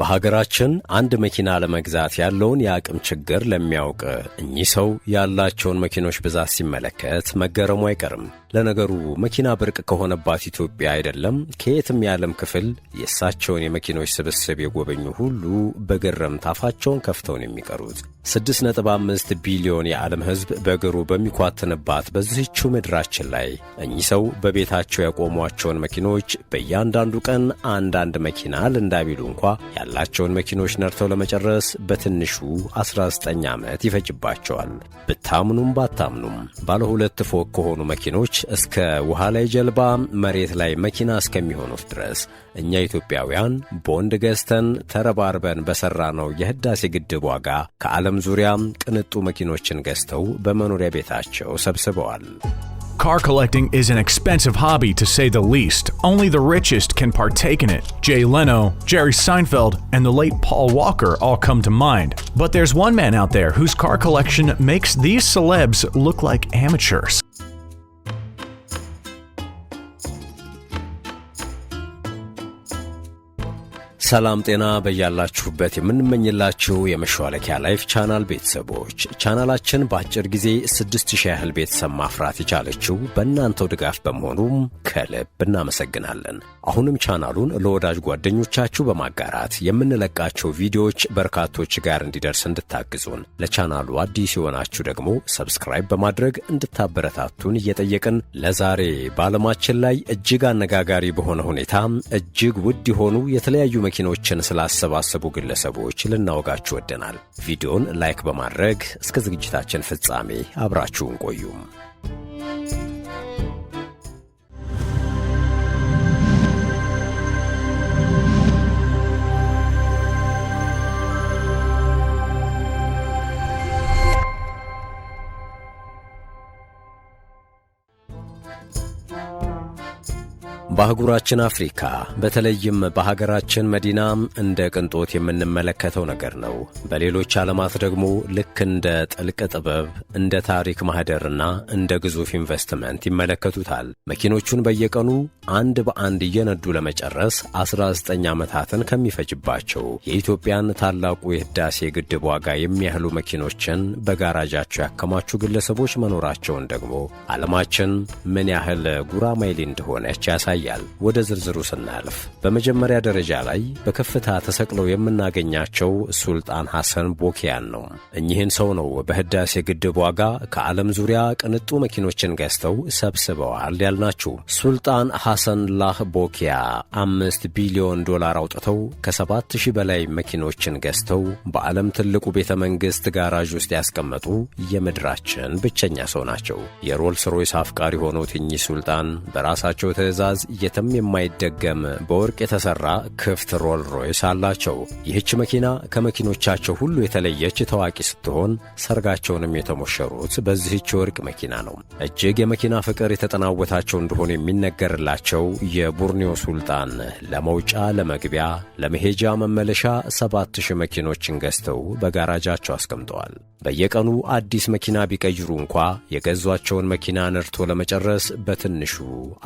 በሀገራችን አንድ መኪና ለመግዛት ያለውን የአቅም ችግር ለሚያውቅ እኚህ ሰው ያላቸውን መኪኖች ብዛት ሲመለከት መገረሙ አይቀርም። ለነገሩ መኪና ብርቅ ከሆነባት ኢትዮጵያ አይደለም ከየትም የዓለም ክፍል የእሳቸውን የመኪኖች ስብስብ የጎበኙ ሁሉ በገረምት አፋቸውን ከፍተው ነው የሚቀሩት። 6.5 ቢሊዮን የዓለም ሕዝብ በእግሩ በሚኳትንባት በዚህችው ምድራችን ላይ እኚህ ሰው በቤታቸው ያቆሟቸውን መኪኖች በእያንዳንዱ ቀን አንዳንድ መኪና ልንዳቢሉ እንኳ ያላቸውን መኪኖች ነድተው ለመጨረስ በትንሹ 19 ዓመት ይፈጅባቸዋል። ብታምኑም ባታምኑም ባለ ሁለት ፎቅ ከሆኑ መኪኖች እስከ ውሃ ላይ ጀልባ፣ መሬት ላይ መኪና እስከሚሆኑት ድረስ እኛ ኢትዮጵያውያን ቦንድ ገዝተን ተረባርበን በሠራነው የሕዳሴ ግድብ ዋጋ ከዓለም ዙሪያም ቅንጡ መኪኖችን ገዝተው በመኖሪያ ቤታቸው ሰብስበዋል። Car collecting is an expensive hobby to say the least. Only the richest can partake in it. Jay Leno, Jerry Seinfeld, and the late Paul Walker all come to mind. But there's one man out there whose car collection makes these celebs look like amateurs. ሰላም ጤና በያላችሁበት የምንመኝላችሁ የመሿለኪያ ላይፍ ቻናል ቤተሰቦች ቻናላችን በአጭር ጊዜ ስድስት ያህል ቤተሰብ ማፍራት የቻለችው በእናንተው ድጋፍ በመሆኑም ከልብ እናመሰግናለን። አሁንም ቻናሉን ለወዳጅ ጓደኞቻችሁ በማጋራት የምንለቃቸው ቪዲዮዎች በርካቶች ጋር እንዲደርስ እንድታግዙን፣ ለቻናሉ አዲስ የሆናችሁ ደግሞ ሰብስክራይብ በማድረግ እንድታበረታቱን እየጠየቅን ለዛሬ በዓለማችን ላይ እጅግ አነጋጋሪ በሆነ ሁኔታ እጅግ ውድ የሆኑ የተለያዩ መኪና መኪኖችን ስላሰባሰቡ ግለሰቦች ልናወጋችሁ ወደናል። ቪዲዮን ላይክ በማድረግ እስከ ዝግጅታችን ፍጻሜ አብራችሁን ቆዩም። በአህጉራችን አፍሪካ በተለይም በሀገራችን መዲናም እንደ ቅንጦት የምንመለከተው ነገር ነው። በሌሎች ዓለማት ደግሞ ልክ እንደ ጥልቅ ጥበብ፣ እንደ ታሪክ ማኅደርና እንደ ግዙፍ ኢንቨስትመንት ይመለከቱታል። መኪኖቹን በየቀኑ አንድ በአንድ እየነዱ ለመጨረስ 19 ዓመታትን ከሚፈጅባቸው የኢትዮጵያን ታላቁ የሕዳሴ ግድብ ዋጋ የሚያህሉ መኪኖችን በጋራጃቸው ያከማቹ ግለሰቦች መኖራቸውን ደግሞ ዓለማችን ምን ያህል ጉራማይሌ እንደሆነች ያሳያል። ይቆያል። ወደ ዝርዝሩ ስናልፍ በመጀመሪያ ደረጃ ላይ በከፍታ ተሰቅለው የምናገኛቸው ሱልጣን ሐሰን ቦኪያን ነው። እኚህን ሰው ነው በህዳሴ ግድብ ዋጋ ከዓለም ዙሪያ ቅንጡ መኪኖችን ገዝተው ሰብስበዋል ያልናችሁ። ሱልጣን ሐሰን ላህ ቦኪያ አምስት ቢሊዮን ዶላር አውጥተው ከሰባት ሺህ በላይ መኪኖችን ገዝተው በዓለም ትልቁ ቤተ መንግሥት ጋራዥ ውስጥ ያስቀመጡ የምድራችን ብቸኛ ሰው ናቸው። የሮልስ ሮይስ አፍቃሪ ሆኖት እኚህ ሱልጣን በራሳቸው ትዕዛዝ የትም የማይደገም በወርቅ የተሰራ ክፍት ሮል ሮይስ አላቸው። ይህች መኪና ከመኪኖቻቸው ሁሉ የተለየች ታዋቂ ስትሆን ሰርጋቸውንም የተሞሸሩት በዚህች የወርቅ መኪና ነው። እጅግ የመኪና ፍቅር የተጠናወታቸው እንደሆኑ የሚነገርላቸው የቡርኒዮ ሱልጣን ለመውጫ ለመግቢያ፣ ለመሄጃ መመለሻ ሰባት ሺህ መኪኖችን ገዝተው በጋራጃቸው አስቀምጠዋል። በየቀኑ አዲስ መኪና ቢቀይሩ እንኳ የገዟቸውን መኪና ነድቶ ለመጨረስ በትንሹ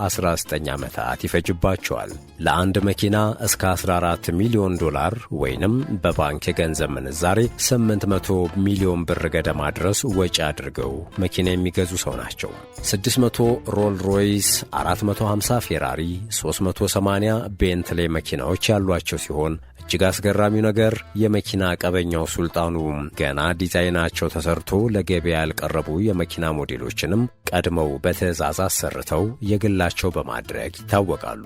19 ዓመት ዓመታት ይፈጅባቸዋል። ለአንድ መኪና እስከ 14 ሚሊዮን ዶላር ወይንም በባንክ የገንዘብ ምንዛሬ 800 ሚሊዮን ብር ገደማ ድረስ ወጪ አድርገው መኪና የሚገዙ ሰው ናቸው። 600 ሮል ሮይስ፣ 450 ፌራሪ፣ 380 ቤንትሌ መኪናዎች ያሏቸው ሲሆን እጅግ አስገራሚው ነገር የመኪና ቀበኛው ሱልጣኑ ገና ዲዛይናቸው ተሰርቶ ለገበያ ያልቀረቡ የመኪና ሞዴሎችንም ቀድመው በትዕዛዝ አሰርተው የግላቸው በማድረግ ይታወቃሉ።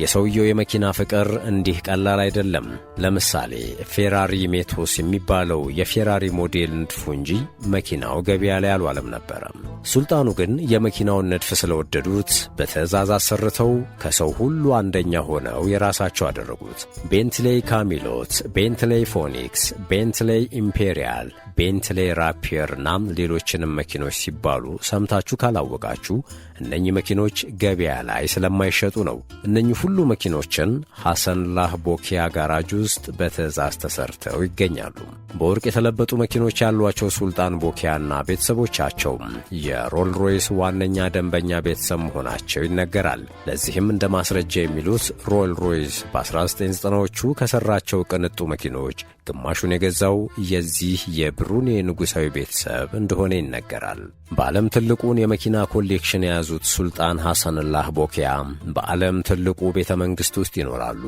የሰውየው የመኪና ፍቅር እንዲህ ቀላል አይደለም። ለምሳሌ ፌራሪ ሜቶስ የሚባለው የፌራሪ ሞዴል ንድፉ እንጂ መኪናው ገበያ ላይ አልዋለም ነበረም። ሱልጣኑ ግን የመኪናውን ንድፍ ስለወደዱት በትዕዛዝ አሰርተው ከሰው ሁሉ አንደኛ ሆነው የራሳቸው አደረጉት። ቤንትሌይ ካሚሎት፣ ቤንትሌይ ፎኒክስ፣ ቤንትሌይ ኢምፔሪያል፣ ቤንትሌ ራፒየር ናም ሌሎችንም መኪኖች ሲባሉ ሰምታችሁ ካላወቃችሁ እነኚህ መኪኖች ገበያ ላይ ስለማይሸጡ ነው። እነኚህ ሁሉ መኪኖችን ሐሰንላህ ቦኪያ ጋራጅ ውስጥ በትዕዛዝ ተሰርተው ይገኛሉ። በወርቅ የተለበጡ መኪኖች ያሏቸው ሱልጣን ቦኪያና ቤተሰቦቻቸውም የሮል ሮይስ ዋነኛ ደንበኛ ቤተሰብ መሆናቸው ይነገራል። ለዚህም እንደ ማስረጃ የሚሉት ሮል ሮይስ በ1990ዎቹ ከሠራቸው ቅንጡ መኪኖች ግማሹን የገዛው የዚህ የብ የሩኔ ንጉሣዊ ቤተሰብ እንደሆነ ይነገራል። በዓለም ትልቁን የመኪና ኮሌክሽን የያዙት ሱልጣን ሐሰንላህ ቦኪያ በዓለም ትልቁ ቤተ መንግሥት ውስጥ ይኖራሉ።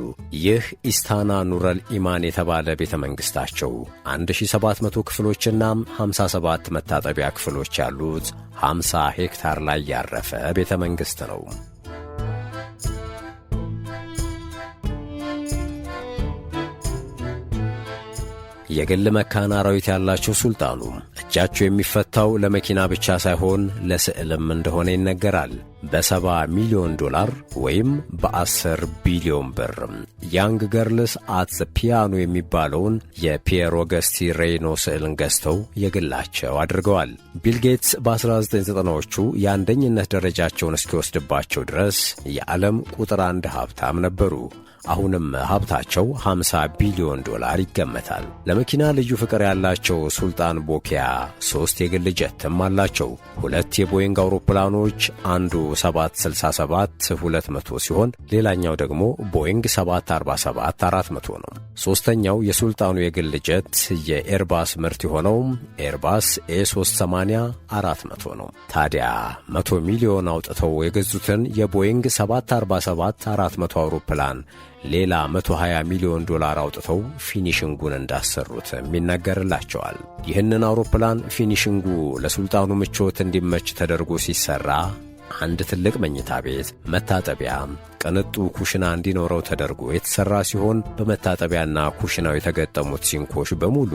ይህ ኢስታና ኑረል ኢማን የተባለ ቤተ መንግሥታቸው 1700 ክፍሎችና 57 መታጠቢያ ክፍሎች ያሉት 50 ሄክታር ላይ ያረፈ ቤተ መንግሥት ነው። የግል መካን አራዊት ያላቸው ሱልጣኑ እጃቸው የሚፈታው ለመኪና ብቻ ሳይሆን ለስዕልም እንደሆነ ይነገራል። በሰባ ሚሊዮን ዶላር ወይም በአስር ቢሊዮን ብር ያንግ ገርልስ አት ፒያኖ የሚባለውን የፒየር ኦገስቲ ሬይኖ ስዕልን ገዝተው የግላቸው አድርገዋል። ቢል ጌትስ በ1990ዎቹ የአንደኝነት ደረጃቸውን እስኪወስድባቸው ድረስ የዓለም ቁጥር አንድ ሀብታም ነበሩ። አሁንም ሀብታቸው 50 ቢሊዮን ዶላር ይገመታል። ለመኪና ልዩ ፍቅር ያላቸው ሱልጣን ቦኪያ ሦስት የግል ጀትም አላቸው። ሁለት የቦይንግ አውሮፕላኖች አንዱ 767 200 ሲሆን ሌላኛው ደግሞ ቦይንግ 747 400 ነው። ሦስተኛው የሱልጣኑ የግል ጀት የኤርባስ ምርት የሆነውም ኤርባስ ኤ380 400 ነው። ታዲያ 100 ሚሊዮን አውጥተው የገዙትን የቦይንግ 747 400 አውሮፕላን ሌላ 120 ሚሊዮን ዶላር አውጥተው ፊኒሽንጉን እንዳሰሩት ይነገርላቸዋል። ይህንን አውሮፕላን ፊኒሽንጉ ለሱልጣኑ ምቾት እንዲመች ተደርጎ ሲሰራ አንድ ትልቅ መኝታ ቤት፣ መታጠቢያ፣ ቅንጡ ኩሽና እንዲኖረው ተደርጎ የተሠራ ሲሆን በመታጠቢያና ኩሽናው የተገጠሙት ሲንኮች በሙሉ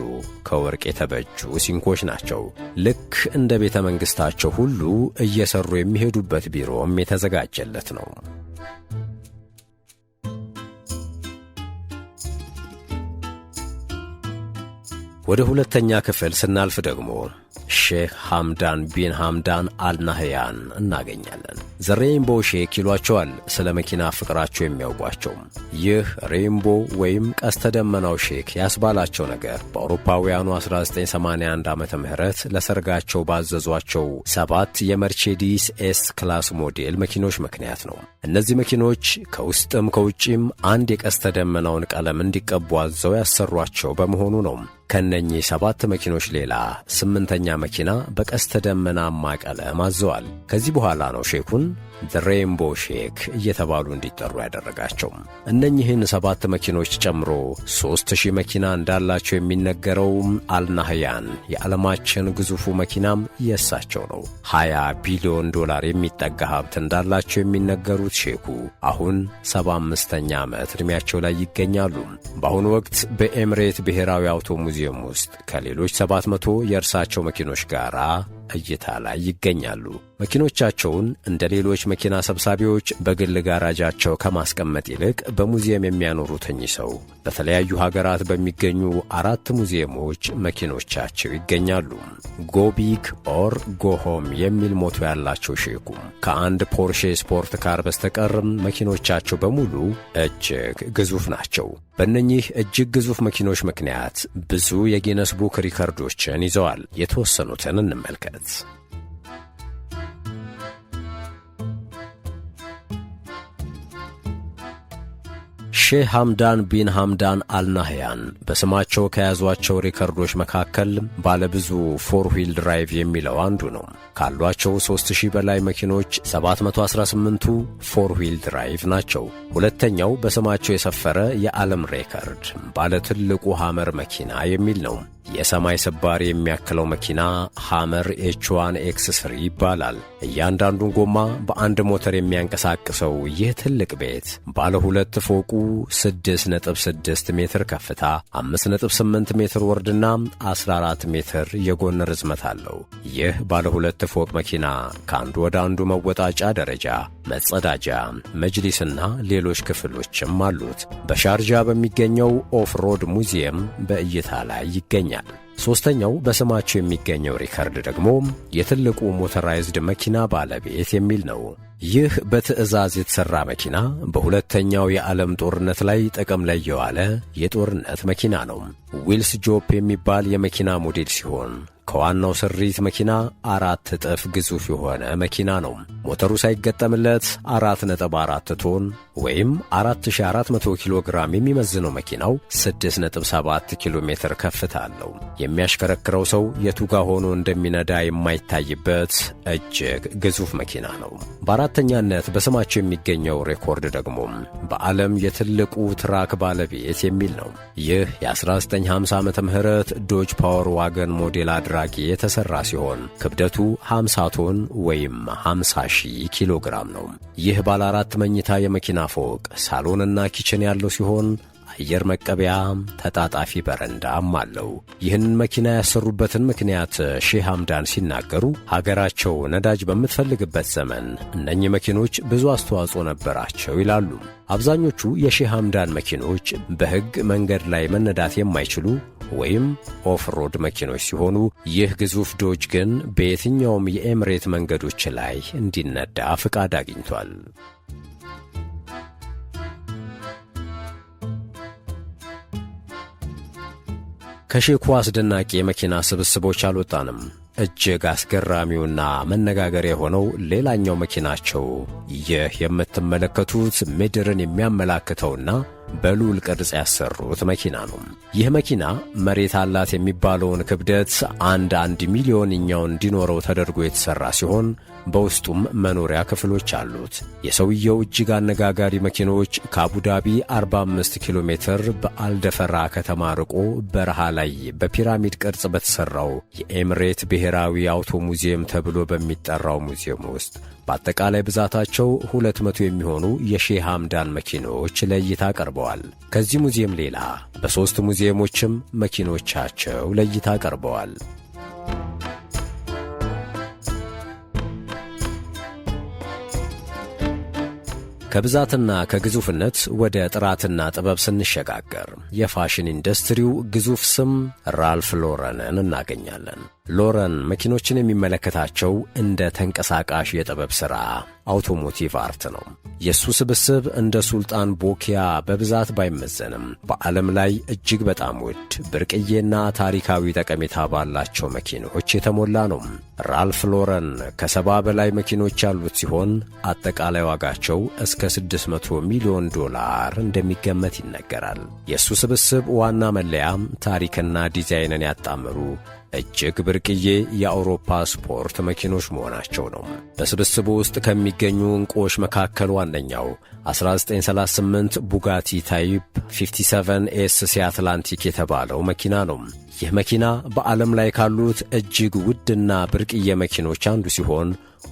ከወርቅ የተበጁ ሲንኮች ናቸው። ልክ እንደ ቤተ መንግሥታቸው ሁሉ እየሠሩ የሚሄዱበት ቢሮም የተዘጋጀለት ነው። ወደ ሁለተኛ ክፍል ስናልፍ ደግሞ ሼህ ሐምዳን ቢን ሐምዳን አልናህያን እናገኛለን። ዘ ሬይንቦ ሼክ ይሏቸዋል ስለ መኪና ፍቅራቸው የሚያውቋቸው። ይህ ሬንቦ ወይም ቀስተ ደመናው ሼክ ያስባላቸው ነገር በአውሮፓውያኑ 1981 ዓ ም ለሰርጋቸው ባዘዟቸው ሰባት የመርቼዲስ ኤስ ክላስ ሞዴል መኪኖች ምክንያት ነው። እነዚህ መኪኖች ከውስጥም ከውጪም አንድ የቀስተ ደመናውን ቀለም እንዲቀቡ አዘው ያሰሯቸው በመሆኑ ነው። ከነኚህ ሰባት መኪኖች ሌላ ስምንተኛ መኪና በቀስተ ደመናማ ቀለም አዘዋል። ከዚህ በኋላ ነው ሼኩን ሬምቦ ሼክ እየተባሉ እንዲጠሩ ያደረጋቸው እነኚህን ሰባት መኪኖች ጨምሮ ሦስት ሺህ መኪና እንዳላቸው የሚነገረው አልናህያን የዓለማችን ግዙፉ መኪናም የእሳቸው ነው። 20 ቢሊዮን ዶላር የሚጠጋ ሀብት እንዳላቸው የሚነገሩት ሼኩ አሁን 75ኛ ዓመት ዕድሜያቸው ላይ ይገኛሉ። በአሁኑ ወቅት በኤምሬት ብሔራዊ አውቶ ሙዚየም ውስጥ ከሌሎች 700 የእርሳቸው መኪኖች ጋር እይታ ላይ ይገኛሉ። መኪኖቻቸውን እንደ ሌሎች መኪና ሰብሳቢዎች በግል ጋራጃቸው ከማስቀመጥ ይልቅ በሙዚየም የሚያኖሩት እኚህ ሰው በተለያዩ ሀገራት በሚገኙ አራት ሙዚየሞች መኪኖቻቸው ይገኛሉ። ጎቢግ ኦር ጎሆም የሚል ሞቶ ያላቸው ሼኩም ከአንድ ፖርሼ ስፖርት ካር በስተቀርም መኪኖቻቸው በሙሉ እጅግ ግዙፍ ናቸው። በእነኚህ እጅግ ግዙፍ መኪኖች ምክንያት ብዙ የጊነስ ቡክ ሪከርዶችን ይዘዋል። የተወሰኑትን እንመልከት። minutes. ሼህ ሐምዳን ቢን ሐምዳን አልናህያን በስማቸው ከያዟቸው ሪከርዶች መካከል ባለብዙ ፎር ዊል ድራይቭ የሚለው አንዱ ነው። ካሏቸው 3000 በላይ መኪኖች 718ቱ ፎር ዊል ድራይቭ ናቸው። ሁለተኛው በስማቸው የሰፈረ የዓለም ሬከርድ ባለ ትልቁ ሐመር መኪና የሚል ነው። የሰማይ ስባሪ የሚያክለው መኪና ሐመር ኤችዋን ኤክስ ስሪ ይባላል። እያንዳንዱን ጎማ በአንድ ሞተር የሚያንቀሳቅሰው ይህ ትልቅ ቤት ባለ ሁለት ፎቁ 6.6 ሜትር ከፍታ፣ 5.8 ሜትር ወርድና 14 ሜትር የጎን ርዝመት አለው። ይህ ባለ ሁለት ፎቅ መኪና ከአንዱ ወደ አንዱ መወጣጫ ደረጃ መጸዳጃ፣ መጅሊስና ሌሎች ክፍሎችም አሉት። በሻርጃ በሚገኘው ኦፍ ሮድ ሙዚየም በእይታ ላይ ይገኛል። ሦስተኛው በስማቸው የሚገኘው ሪከርድ ደግሞ የትልቁ ሞተራይዝድ መኪና ባለቤት የሚል ነው። ይህ በትዕዛዝ የተሠራ መኪና በሁለተኛው የዓለም ጦርነት ላይ ጥቅም ላይ የዋለ የጦርነት መኪና ነው። ዊልስ ጆፕ የሚባል የመኪና ሞዴል ሲሆን ከዋናው ስሪት መኪና አራት እጥፍ ግዙፍ የሆነ መኪና ነው። ሞተሩ ሳይገጠምለት 4.4 ቶን ወይም 4400 ኪሎ ግራም የሚመዝነው መኪናው 6.7 ኪሎ ሜትር ከፍታ አለው። የሚያሽከረክረው ሰው የቱጋ ሆኖ እንደሚነዳ የማይታይበት እጅግ ግዙፍ መኪና ነው። በአራተኛነት በስማቸው የሚገኘው ሬኮርድ ደግሞ በዓለም የትልቁ ትራክ ባለቤት የሚል ነው። ይህ የ1950 ዓ ም ዶጅ ፓወር ዋገን ሞዴል አድራ አድራጊ የተሠራ ሲሆን ክብደቱ 50 ቶን ወይም 50 ሺህ ኪሎ ግራም ነው። ይህ ባለ አራት መኝታ የመኪና ፎቅ ሳሎንና ኪችን ያለው ሲሆን አየር መቀበያ ተጣጣፊ በረንዳም አለው። ይህንን መኪና ያሰሩበትን ምክንያት ሼህ ሐምዳን ሲናገሩ ሀገራቸው ነዳጅ በምትፈልግበት ዘመን እነኚህ መኪኖች ብዙ አስተዋጽኦ ነበራቸው ይላሉ። አብዛኞቹ የሼህ ሐምዳን መኪኖች በሕግ መንገድ ላይ መነዳት የማይችሉ ወይም ኦፍሮድ መኪኖች ሲሆኑ ይህ ግዙፍ ዶጅ ግን በየትኛውም የኤምሬት መንገዶች ላይ እንዲነዳ ፍቃድ አግኝቷል። ከሼኩ አስደናቂ የመኪና ስብስቦች አልወጣንም። እጅግ አስገራሚውና መነጋገር የሆነው ሌላኛው መኪናቸው ይህ የምትመለከቱት ምድርን የሚያመላክተውና በሉል ቅርጽ ያሰሩት መኪና ነው። ይህ መኪና መሬት አላት የሚባለውን ክብደት አንድ አንድ ሚሊዮንኛው እንዲኖረው ተደርጎ የተሠራ ሲሆን በውስጡም መኖሪያ ክፍሎች አሉት። የሰውየው እጅግ አነጋጋሪ መኪኖች ከአቡዳቢ 45 ኪሎ ሜትር በአልደፈራ ከተማ ርቆ በረሃ ላይ በፒራሚድ ቅርጽ በተሠራው የኤምሬት ብሔራዊ አውቶ ሙዚየም ተብሎ በሚጠራው ሙዚየም ውስጥ በአጠቃላይ ብዛታቸው 200 የሚሆኑ የሼህ ሐምዳን መኪኖች ለእይታ ቀርበዋል። ከዚህ ሙዚየም ሌላ በሦስት ሙዚየሞችም መኪኖቻቸው ለእይታ ቀርበዋል። ከብዛትና ከግዙፍነት ወደ ጥራትና ጥበብ ስንሸጋገር የፋሽን ኢንዱስትሪው ግዙፍ ስም ራልፍ ሎረንን እናገኛለን። ሎረን መኪኖችን የሚመለከታቸው እንደ ተንቀሳቃሽ የጥበብ ሥራ አውቶሞቲቭ አርት ነው። የእሱ ስብስብ እንደ ሱልጣን ቦኪያ በብዛት ባይመዘንም በዓለም ላይ እጅግ በጣም ውድ ብርቅዬና ታሪካዊ ጠቀሜታ ባላቸው መኪኖች የተሞላ ነው። ራልፍ ሎረን ከሰባ በላይ መኪኖች ያሉት ሲሆን አጠቃላይ ዋጋቸው እስከ 600 ሚሊዮን ዶላር እንደሚገመት ይነገራል። የእሱ ስብስብ ዋና መለያም ታሪክና ዲዛይንን ያጣምሩ እጅግ ብርቅዬ የአውሮፓ ስፖርት መኪኖች መሆናቸው ነው። በስብስቡ ውስጥ ከሚገኙ እንቁዎች መካከል ዋነኛው 1938 ቡጋቲ ታይፕ 57 ኤስሲ አትላንቲክ የተባለው መኪና ነው። ይህ መኪና በዓለም ላይ ካሉት እጅግ ውድና ብርቅዬ መኪኖች አንዱ ሲሆን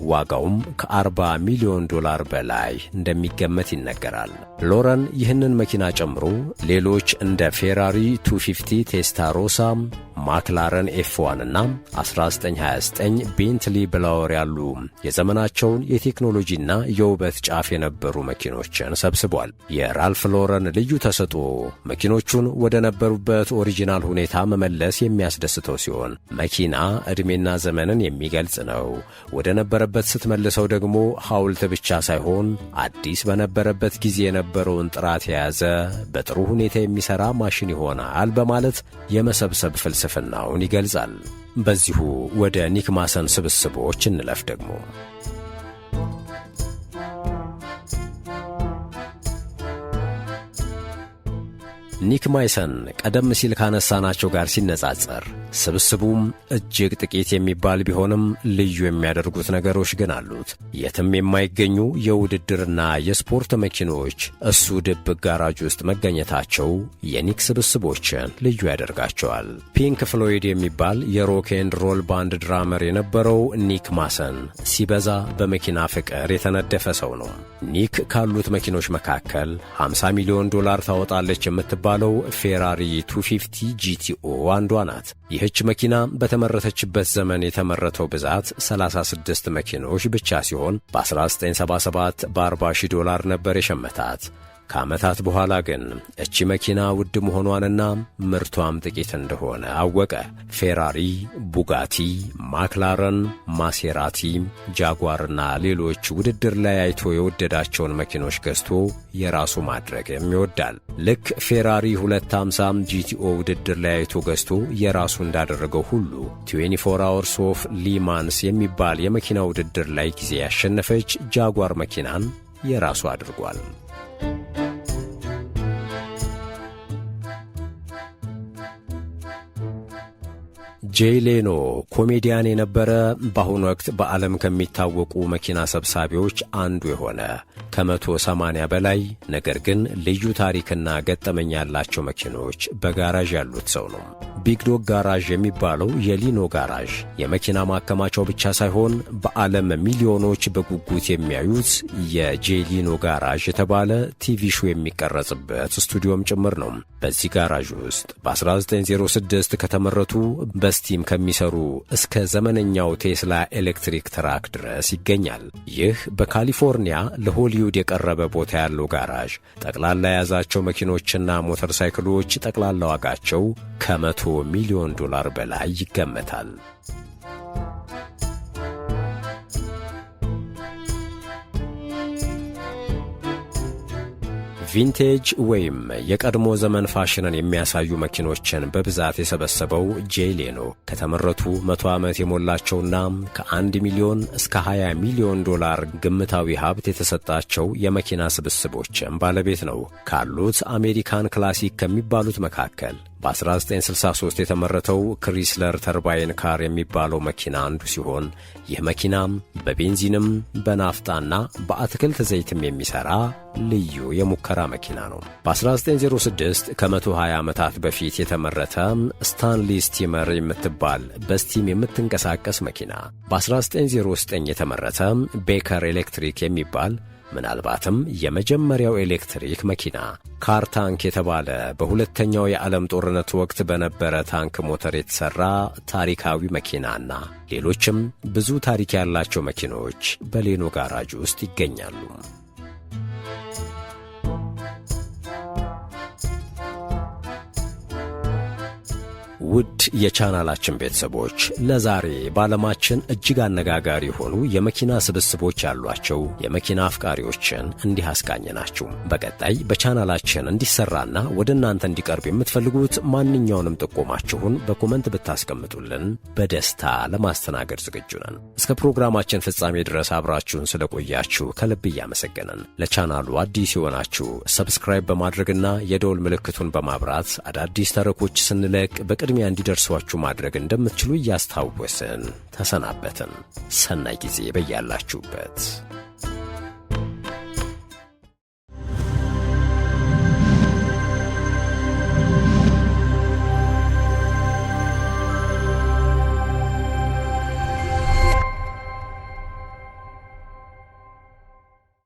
ዋጋውም ከ40 ሚሊዮን ዶላር በላይ እንደሚገመት ይነገራል። ሎረን ይህንን መኪና ጨምሮ ሌሎች እንደ ፌራሪ 250 ቴስታሮሳ፣ ማክላረን ኤፍ1 እና 1929 ቤንትሊ ብላወር ያሉ የዘመናቸውን የቴክኖሎጂና የውበት ጫፍ የነበሩ መኪኖችን ሰብስቧል። የራልፍ ሎረን ልዩ ተሰጥኦ መኪኖቹን ወደ ነበሩበት ኦሪጂናል ሁኔታ መመለ መመለስ የሚያስደስተው ሲሆን መኪና ዕድሜና ዘመንን የሚገልጽ ነው። ወደ ነበረበት ስትመልሰው ደግሞ ሐውልት ብቻ ሳይሆን አዲስ በነበረበት ጊዜ የነበረውን ጥራት የያዘ በጥሩ ሁኔታ የሚሠራ ማሽን ይሆናል በማለት የመሰብሰብ ፍልስፍናውን ይገልጻል። በዚሁ ወደ ኒክ ማሰን ስብስቦች እንለፍ ደግሞ ኒክ ማይሰን ቀደም ሲል ካነሳናቸው ጋር ሲነጻጸር ስብስቡም እጅግ ጥቂት የሚባል ቢሆንም ልዩ የሚያደርጉት ነገሮች ግን አሉት። የትም የማይገኙ የውድድርና የስፖርት መኪኖች እሱ ድብቅ ጋራጅ ውስጥ መገኘታቸው የኒክ ስብስቦችን ልዩ ያደርጋቸዋል። ፒንክ ፍሎይድ የሚባል የሮኬንድ ሮል ባንድ ድራመር የነበረው ኒክ ማሰን ሲበዛ በመኪና ፍቅር የተነደፈ ሰው ነው። ኒክ ካሉት መኪኖች መካከል 50 ሚሊዮን ዶላር ታወጣለች የምትባለው ፌራሪ 250 ጂቲኦ አንዷ ናት። ይህች መኪና በተመረተችበት ዘመን የተመረተው ብዛት 36 መኪኖች ብቻ ሲሆን በ1977 በ40 ሺህ ዶላር ነበር የሸመታት። ከዓመታት በኋላ ግን እቺ መኪና ውድ መሆኗንና ምርቷም ጥቂት እንደሆነ አወቀ። ፌራሪ፣ ቡጋቲ፣ ማክላረን፣ ማሴራቲ፣ ጃጓርና ሌሎች ውድድር ላይ አይቶ የወደዳቸውን መኪኖች ገዝቶ የራሱ ማድረግም ይወዳል። ልክ ፌራሪ 250 ጂቲኦ ውድድር ላይ አይቶ ገዝቶ የራሱ እንዳደረገው ሁሉ 24 አወርስ ኦፍ ሊማንስ የሚባል የመኪና ውድድር ላይ ጊዜ ያሸነፈች ጃጓር መኪናን የራሱ አድርጓል። Thank you. ጄ ሌኖ ኮሜዲያን የነበረ በአሁኑ ወቅት በዓለም ከሚታወቁ መኪና ሰብሳቢዎች አንዱ የሆነ ከመቶ ሰማንያ በላይ ነገር ግን ልዩ ታሪክና ገጠመኝ ያላቸው መኪኖች በጋራዥ ያሉት ሰው ነው። ቢግዶግ ጋራዥ የሚባለው የሊኖ ጋራዥ የመኪና ማከማቻው ብቻ ሳይሆን በዓለም ሚሊዮኖች በጉጉት የሚያዩት የጄ ሊኖ ጋራዥ የተባለ ቲቪ ሾ የሚቀረጽበት ስቱዲዮም ጭምር ነው። በዚህ ጋራዥ ውስጥ በ1906 ከተመረቱ በ በስቲም ከሚሰሩ እስከ ዘመነኛው ቴስላ ኤሌክትሪክ ትራክ ድረስ ይገኛል። ይህ በካሊፎርኒያ ለሆሊውድ የቀረበ ቦታ ያለው ጋራዥ ጠቅላላ የያዛቸው መኪኖችና ሞተር ሳይክሎች ጠቅላላ ዋጋቸው ከመቶ ሚሊዮን ዶላር በላይ ይገመታል። ቪንቴጅ ወይም የቀድሞ ዘመን ፋሽንን የሚያሳዩ መኪኖችን በብዛት የሰበሰበው ጄሌ ሌኖ ከተመረቱ መቶ ዓመት የሞላቸውና ከአንድ ሚሊዮን እስከ 20 ሚሊዮን ዶላር ግምታዊ ሀብት የተሰጣቸው የመኪና ስብስቦችን ባለቤት ነው። ካሉት አሜሪካን ክላሲክ ከሚባሉት መካከል በ1963 የተመረተው ክሪስለር ተርባይን ካር የሚባለው መኪና አንዱ ሲሆን ይህ መኪናም በቤንዚንም በናፍጣና በአትክልት ዘይትም የሚሠራ ልዩ የሙከራ መኪና ነው። በ1906 ከ120 ዓመታት በፊት የተመረተ ስታንሊ ስቲመር የምትባል በስቲም የምትንቀሳቀስ መኪና፣ በ1909 የተመረተ ቤከር ኤሌክትሪክ የሚባል ምናልባትም የመጀመሪያው ኤሌክትሪክ መኪና ካር ታንክ የተባለ በሁለተኛው የዓለም ጦርነት ወቅት በነበረ ታንክ ሞተር የተሠራ ታሪካዊ መኪናና ሌሎችም ብዙ ታሪክ ያላቸው መኪኖች በሌኖ ጋራጅ ውስጥ ይገኛሉ። ውድ የቻናላችን ቤተሰቦች ለዛሬ በዓለማችን እጅግ አነጋጋሪ የሆኑ የመኪና ስብስቦች ያሏቸው የመኪና አፍቃሪዎችን እንዲህ ናችሁ። በቀጣይ በቻናላችን እንዲሰራና ወደ እናንተ እንዲቀርብ የምትፈልጉት ማንኛውንም ጥቆማችሁን በኮመንት ብታስቀምጡልን በደስታ ለማስተናገድ ዝግጁ ነን። እስከ ፕሮግራማችን ፍጻሜ ድረስ አብራችሁን ስለቆያችሁ ከልብ እያመሰገንን ለቻናሉ አዲስ የሆናችሁ ሰብስክራይብ በማድረግና የደውል ምልክቱን በማብራት አዳዲስ ተረኮች ስንለቅ በቅድ በቅድሚያ እንዲደርሷችሁ ማድረግ እንደምትችሉ እያስታወስን ተሰናበትን። ሰናይ ጊዜ በያላችሁበት